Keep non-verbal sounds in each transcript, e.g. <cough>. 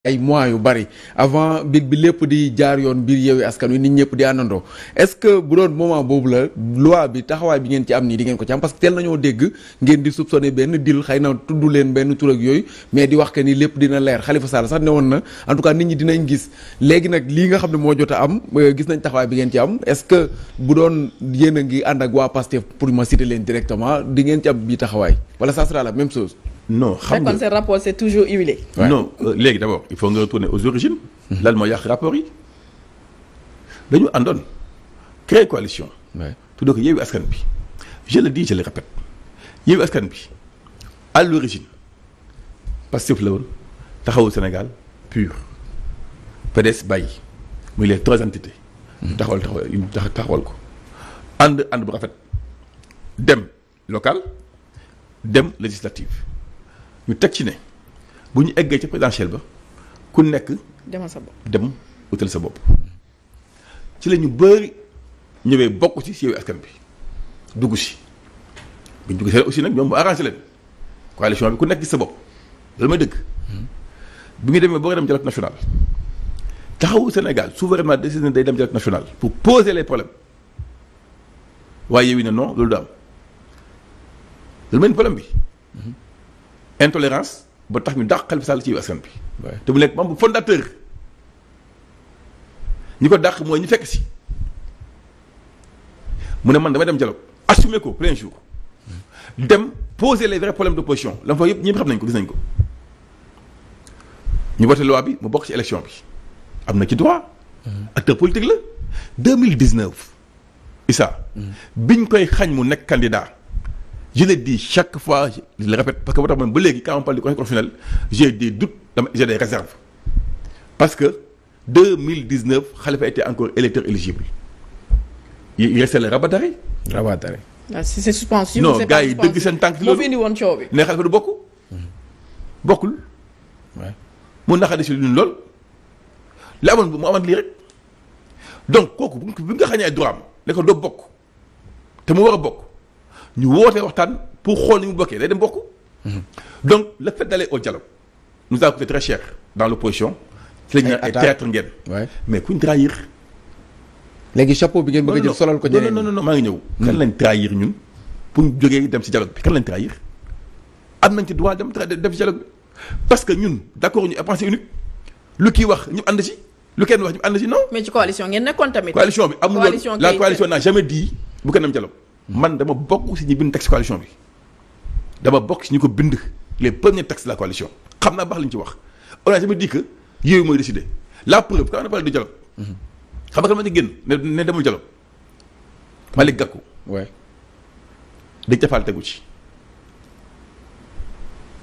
ay mois yu bari avant mbir bi lépp di jaar yoon biir Yewwi Askan Wi nit ñëpp di àndandoo est-ce que bu doon moment boobu la loi bi taxawaay bi ngeen ci am nii di ngeen ko ci am parce que teel nañoo dégg ngeen di soupçonné benn dil xëy na tudd leen benn tur ak yooyu mais di wax que ni lépp dina leer Khalifa Sall sax ne woon na en tout cas nit ñi dinañ gis léegi nag lii nga xam ne moo jot a am euh, gis nañ taxawaay bi ngeen ci am est-ce que bu doon yéen ngi ànd ak waa Pastef pour leen directement di ngeen ci am bii taxawaay wala ça la même chose non xam nga kon seen rapport c'est toujours huilé. Ouais. non euh, léegi euh, d' abord il faut nga retourner aux origines. Mhm. lan moo yàq rapport yi dañu àndoon créer coalition. waaw tuddee ko Yewwi Askan Wi je le dis je le répète Yewwi Askan Wi à l'origine Pastef la woon taxawu Sénégal pur PDS bàyyi muy les trois entités. Mhm. taxawal taxawal taxawal ko ànd ànd bu rafet dem local dem législative. ñu teg ci ne bu ñu eggee ca présidentiel ba ku nekk. demal sa dem utal sa bopp. ci la ñu bëri ñëwee bokk ci si yow askan bi dugg si bu ñu dugg see aussi nag ñoom mu arrangé leen coalition bi ku nekk gis sa bopp loolu mooy dëgg. bi ñu demee boo dem dialogue national taxawu Sénégal souverainement décidé day dem dialogue national pour poser les problèmes waaye yow ne non loolu du am loolu mooy problème bi. intolérance ba tax ñu dàq Khalifa Sall ci askan bi te mu nekk membre fondateur ñi ko dàq mooy ñu fekk si mu ne man damay dem dialogue assumé ko plein jour dem poser les vrais problèmes d'opposition la mu yëpp ñëpp xam nañ ko gis nañ ko ñu voté loi bi mu bokk ci élection bi am na ci droit mm-hmm. acteur politique la 2019 Issa mm-hmm. biñ koy xañ mu nekk candidat je l'ai dit chaque fois je le parce que boo tax man ba léegi quand on parle du conseil parce que 2019 Khalifa était encore électeur éligible il restait le rabatari. rabatari. waaw ah, si c'est suspension. non yi dëgg seen tànk. moo indi woon coow bi ne Khalifa du bokk. bokkul. waaw mu naxadi si luñu lool amoon mu amat lii rek donc kooku bu nga xañee droit am ne ko doo bokk te mu war a bokk. ñu woote waxtaan pour xool ni mu bokkee day dem bokk. donc le fait d'aller au dialogue nous a coûté très cher dans l'opposition. ay attaques ay théâtre ngeen. mais kuñ trahir. léegi chapeau bi ngeen bëgg a jël ko ñeneen non non maa ngi ñëw. Hmm. kan lañ trahir ñun pour ñu jógee dem ci dialogue bi kan lañ trahir am nañ ci droit dem def ci dialogue bi parce que ñun d'accord ñu pensée unique lu kii wax ñu ànd ci lu kenn wax ñu ànd ci non. coalition ngeen nekkoon tamit. coalition bi amul la coalition n'a jamais dit bu kenn am dialogue. man dama bokk si ñi bind texte coalition bi dama bokk si ñu ko bind les premiers textes de la coalition xam naa baax li ñu ci wax on a jamais dit que yooyu mooy décidé la preuve quand on a parlé du dialogue. Mhm. xam nga kan ma ci génn ne ne demul dialogue Malick Gakou. waay dañ ca tegu ci.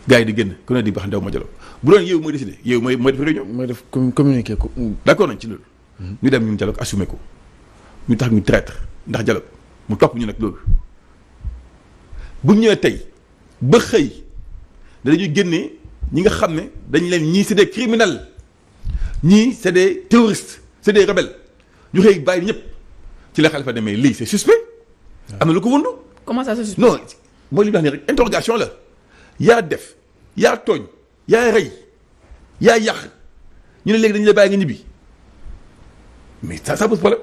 gars yi di génn ku ne di baax ndaw ma dialogue bu doon yooyu mooy décidé yooyu mooy mooy def réunion. mooy def communiqué ko. d' accord nañ ci loolu. Mhm. ñu dem ñu dialogue assumé ko ñu tax ñu traître ndax dialogue. mu topp ñu nag loolu bu ñëwee tey ba xëy danañu génnee ñi nga xam ne dañ leen ñii c'est des criminels ñii c'est des terroristes c'est des rebelles ñu xëy bàyyi ñëpp ci la Khalifa demee lii c'est suspect. Ah. am na lu ko wundu. comment ça c'est suspect non mooy li ñu wax nii rek interrogation la yaa def yaa tooñ yaa rey yaa yàq ñu ne léegi dañu la bàyyi nga ñibbi mais ça ça pose problème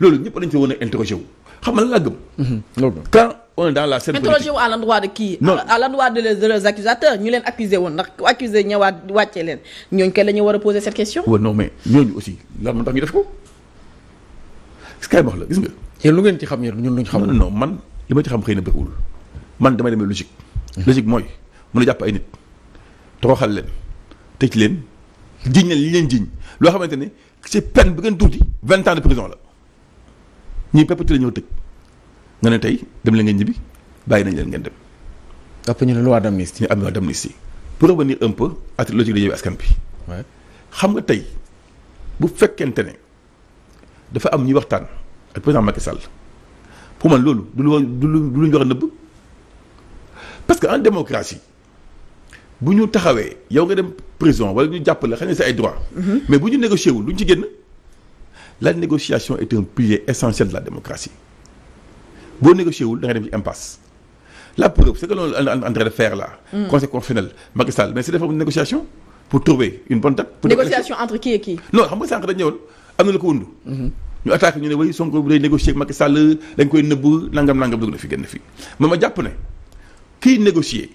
loolu ñëpp dañ ci woon a interroger wu. xam nga la mhm. gëm. quand on est dans la scène politique. interrogez-vous à l'endroit de qui. non à l'endroit de leurs accusateurs ñu leen accusé woon ndax ku accusé ñëwaat wàccee leen ñooñu kay la ñu war a poser cette question. waaw non mais ñooñu aussi lan moo tax ñu def ko si wax la gis nga. yéen lu ngeen ci xam yéen ñun lu ñu xam. ne non man li ma ci xam xëy na bëriwul man damay demee logique. Mhm. logique mooy mën a jàpp ay nit toroxal leen tëj leen jiñ leen li leen jiñ loo xamante ne c'est peine bi gën tuuti vingt ans de prison la. ñii péppati la ñoo tëj nga ne tey dem leen ngeen ñibbi bàyyi nañ leen ngeen dem. ëpp ñu ne loi d'amnistie. ñu am loi d'amnistie pour revenir un peu à la logique de Yewwi Askan Wi. xam nga tey bu fekkente ne dafa am ñuy waxtaan ak président Macky Sall pour man loolu du lu du lu ñu war nëbb parce que en démocratie bu ñu taxawee yow nga dem prison wala ñu jàppale xëy na sa ay droit. Mm-hmm. mais bu ñu négocié wul duñ ci génn. la négociation est un pilier essentiel de la démocratie boo négocié wul da nga dem ci impasse la preuve c'est que loolu en train de faire là. Hmm. conseil constitutionnel Macky Sall mais c'est des formes de négociation pour trouver une bonne date. négociation entre qui et qui. non xam nga sànq dañu am na lu ko wundu mhm. ñu attaqué ñu ne way Sonko bu dee négocier ak Macky Sall dañ koy nëbb nangam nangam dugg na fi génn fi man ma jàpp ne kiy négocier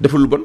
defal lu bon.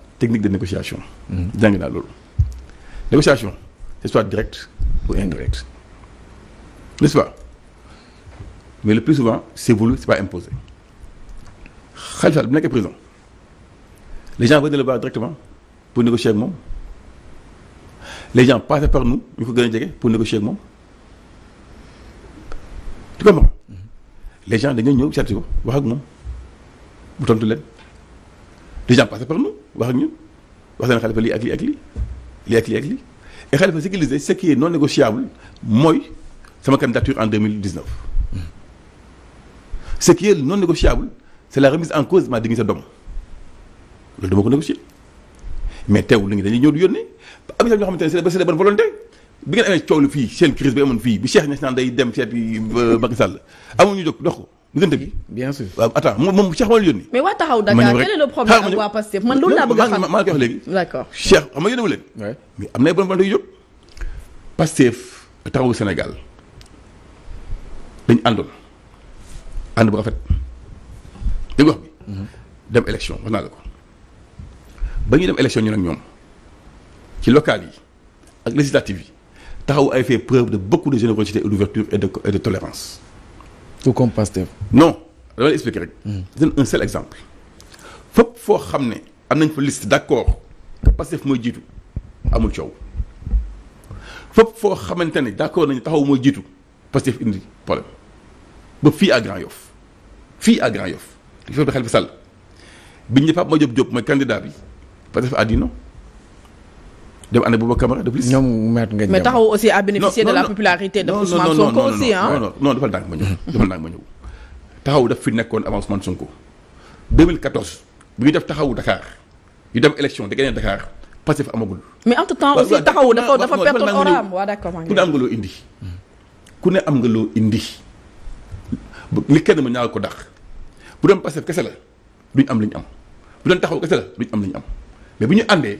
technique de négociation. Mm-hmm. jàng naa loolu. négociation c'est direct ou indirect nest mais le plus souvent c'est voulu c'est pas imposé Khalifa Sall bu nekkee président les gens venaient le voir directement pour négocier ak moom les gens passaient par nous ñu ko gën a jege pour négocier ak moom tu comprends mm-hmm. les gens w ñëw seeti ko wax ak moom mu tontu leen. les gens passaient par nous wax ak ñun wax nañ xalifa lii ak lii ak lii lii ak lii ak lii et xalifa ce qu'il disait ce qui est non négociable mooy sama candidature en 2019 ce qui est non négociable c'est la remise en cause de ma dignité d'homme loolu dama ko négocier mais teewul nit ñi dañuy ñëw di yónnee am na ñoo xamante ne c'est la bonne volonté bi ngeen amee coow lu fii seen crise bi amoon fii bi Cheikh Niass naan day dem seeti euh, Macky Sall amuñu jóg dox ko. diggante bi bien sûr waaw attends moom Cheikh moo leen yónni. mais waa taxaw Dakar quel est le problème ak waa Pastef a xam maa ngi wax léegi. d'accord Cheikh xam nga a leen. mais am na ay bonne volonté yu jóg. bu rafet dégg wax bi. Mhm. dem élection wax ko ba ñuy dem élection ñu nag ñoom ci locales yi ak législatives yi taxaw ay fait preuve de beaucoup de générosité et d'ouverture et de tolérance. tout comme Pastef non dama lay expliquer rek. c'est hmm. un seul exemple. fépp foo xam ne am nañ fa liste d'accord fu mooy jiitu amul coow fépp foo xamante ne d'accord nañu taxaw mooy jiitu Pastef indi problème ba fii à Grand Yoff fii à Grand Yoff. li fi xel bi sàll biñ ne Pape Madiop Diop mooy candidat bi Pastef àddina. dem ànd ak Bouba Camara de plus. ñoom maître Ngagne Demba mais taxaw aussi à bénéficier de la popularité de Ousmane Sonko aussi defal ndànk ma ñëw. <laughs> defal ndànk ma ñëw taxaw daf fi nekkoon avant Ousmane Sonko bu ñu def taxawu Dakar yu dem élection da gagné Dakar Pastef amagul. mais entre temps aussi taxawu dafa dafa perte oraam waaw d'accord ku ne am nga loo indi. ku ne am nga loo indi li kenn ma ñaar ko dàq bu doon Pastef kese la duñ am liñ am bu doon taxaw kese la duñ am liñ am mais bu ñu àndee.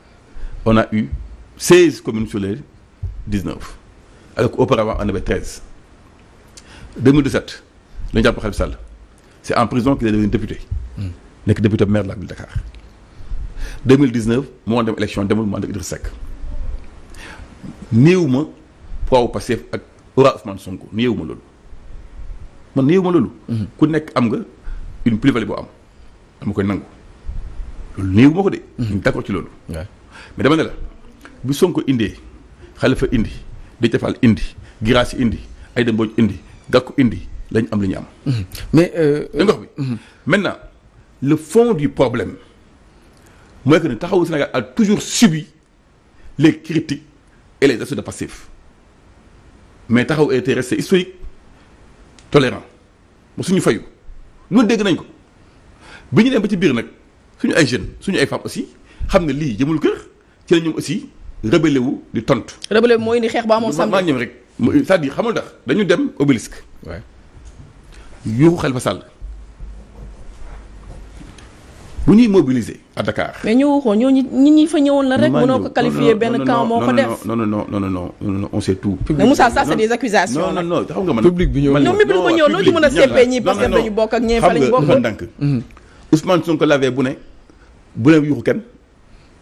on a eu 16 communes sur les 19 alors qu'auparavant on avait 13 2017 la ñu jàpp Khalifa Sall en prison qu'il est devenu député hmm. nekk député maire de la ville de Dakar 2019 moo dem élection demul ak Idrissa Seck néew ma ma loolu man néew ma loolu hmm. ku nekk am nga une plus-value boo am dama koy nangu loolu néew ko de hmm. d'accord ci loolu mais dama ne la bu Sonko indee xalifa indi Déthié Fall indi Guirassy indi Aïda Mbodj indi Gakou indi lañ am li ñu am. Mhm. mais. Euh, da nga wax bi mhm. maintenant le fond du problème mooy que ne taxawu Sénégal a toujours subi les critiques et les actions de passif mais taxaw été resté historique tolérant mu suñu fayu loolu dégg nañ ko bi ñu dem ba ci biir nag suñu ay jeunes suñu ay femmes aussi xam ne lii jëmul kër. ci la ñoom aussi rebelle wu di tontu. rebelle moo indi xeex ba amoon sàmm rek c'est-à-dire xamul tax dañu dem obélisque. waaw yóbbu Khalifa Sall. bu ñuy mobiliser à Dakar. mais ñu waxoon ñooñu nit ñi fa ñëwoon la rek. mënoo ko qualifier benn camp moo ko def non non non non non non on sait tout. mais Moussa ça xam nga man public bi ñëw ñoom mi ma ñëw loolu mën a seppee ñii parce que bokk ak ñee lañu bokk xam nga dafa ndànk Ousmane Sonko lavee bu ne bu leen yuuxu kenn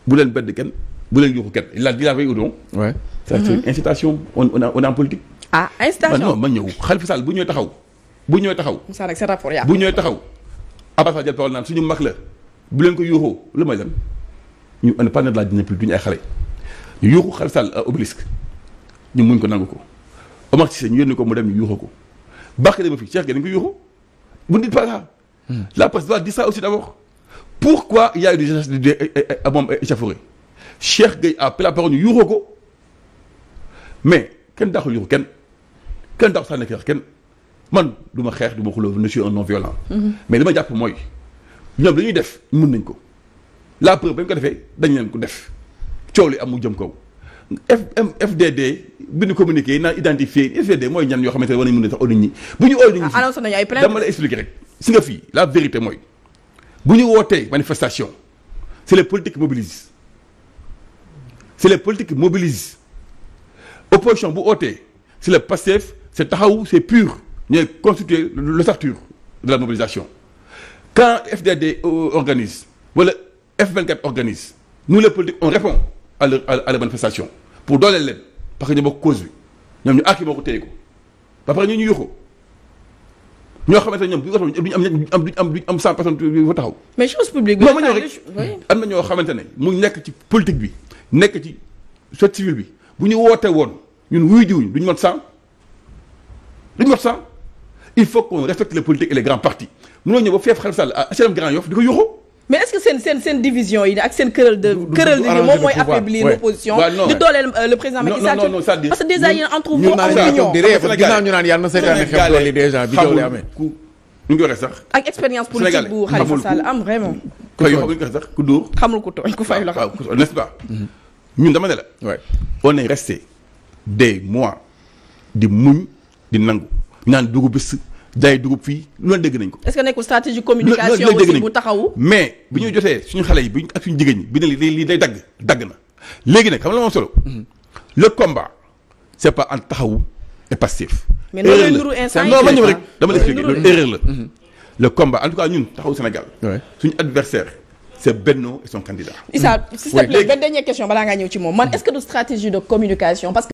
bu leen bedd kenn bu leen yuuxu kenn il a dit la veille ou non. waaw cest incitation on on a on a en ah incitation man ñëw Khalifa Sall bu ñëwee taxaw. bu ñëwee taxaw. Moussa nag sa rapport bu ñëwee taxaw. Abbas Fall jël parole naan suñu mag la bu leen ko yuuxoo lu may lan ñu on est pas de la dynamique du ñu ay xale. ñu yuuxu Khalifa Sall obélisque ñu muñ ko nangu ko Omar Cissé ñu yónni ko mu dem ñu yuuxoo ko ba Deme fii Cheikh Gueye dañ ko yuuxoo bu nit pas là. la presse doit dire ça aussi d'abord pourquoi il y a eu des Cheikh Gueye a pris la ñu yuuxoo ko mais kenn daaxul yuuxu kenn kenn daaxul sànni xeex kenn man du ma xeex du ma xuloo je suis un non violent. Mm-hmm. mais li ma jàpp mooy ñoom li ñuy def mën nañ ko la preuve ba ñu ko defee dañ leen ko def coow li am mu jëm kaw. FDD bi ñu communiqué yi naan identifié FDD mooy ñan yoo xamante ne war nañu mën a tax oo nit ñi bu ñu oo nit ah, dama la expliqué rek si nga fii la vérité mooy bu ñu wootee manifestation c'est les politiques mobilisent c'est les politiques qui mobilisent opposition bu ootee c'est le Pastef c'est Taxawu c'est PUR ñooy constituer l'ossature de la mobilisation quand FDD euh, organise wala F24 organise nous les politiques on répond à leur à la manifestation pour dooleel leen parce que ñu bokk cause bi ñoom ñu àgg boo ko téye ko ba pare ñu ñu yuuxu ñoo xamante ne ñoom bu ñu am duñ am duñ am duñ taxaw. mais chose publique. non am na ñoo xamante ne mu nekk ci politique bi. nekk ci société civile bi bu ñu woote woon ñun wuy jiwuñ duñu mot cent duñu mot cent il faut qu'on respecte les politiques et les grands partis mënoo ñëw ba feef Khalifa Sall HLM Grand Yoff di ko yuuxu mais est-ce que seen seen division yi ak seen querelle de querelle de moom mooy affaiblir l'opposition di dooleel euh, le président Macky Sall parce que déjà yéen entre vous amuñu ginnaaw ñu naan yàlla na seetaan xew loolu déjà bi ñu ngi waxee sax ak expérience tooñ xamuñ ko sax ku dóor. xamul ku tooñ ku fay la xam waaw n'est-ce pas. Mm-hmm. ñun dama ne di muñ di nangu naan dugub bis jaay dugub fii loolu dégg ko. est-ce que nekkul stratégie bu taxawu. mais bi ñu jotee suñu xale yi bi ak suñu jigéen ñi bi ne li lii day dagg dagg na léegi nag xam la moom solo. Mm-hmm. le combat c'est pas en taxawu et passif. mais lay nuru instant yi dama la loolu erreur la. le combat en tout cas ñun taxaw Sénégal. suñu adversaire c'est Benno et son candidat. Issa hmm. s'il te plaît dernière question balaa ngaa ñëw ci moom est-ce que du stratégie de communication parce que.